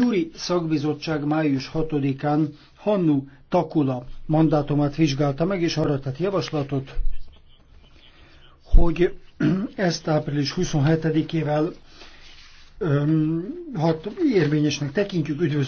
Júri szakbizottság május 6-án Hannu Takula mandátumát vizsgálta meg, és arra tett javaslatot, hogy ezt április 27-ével hat érvényesnek tekintjük, üdvözlő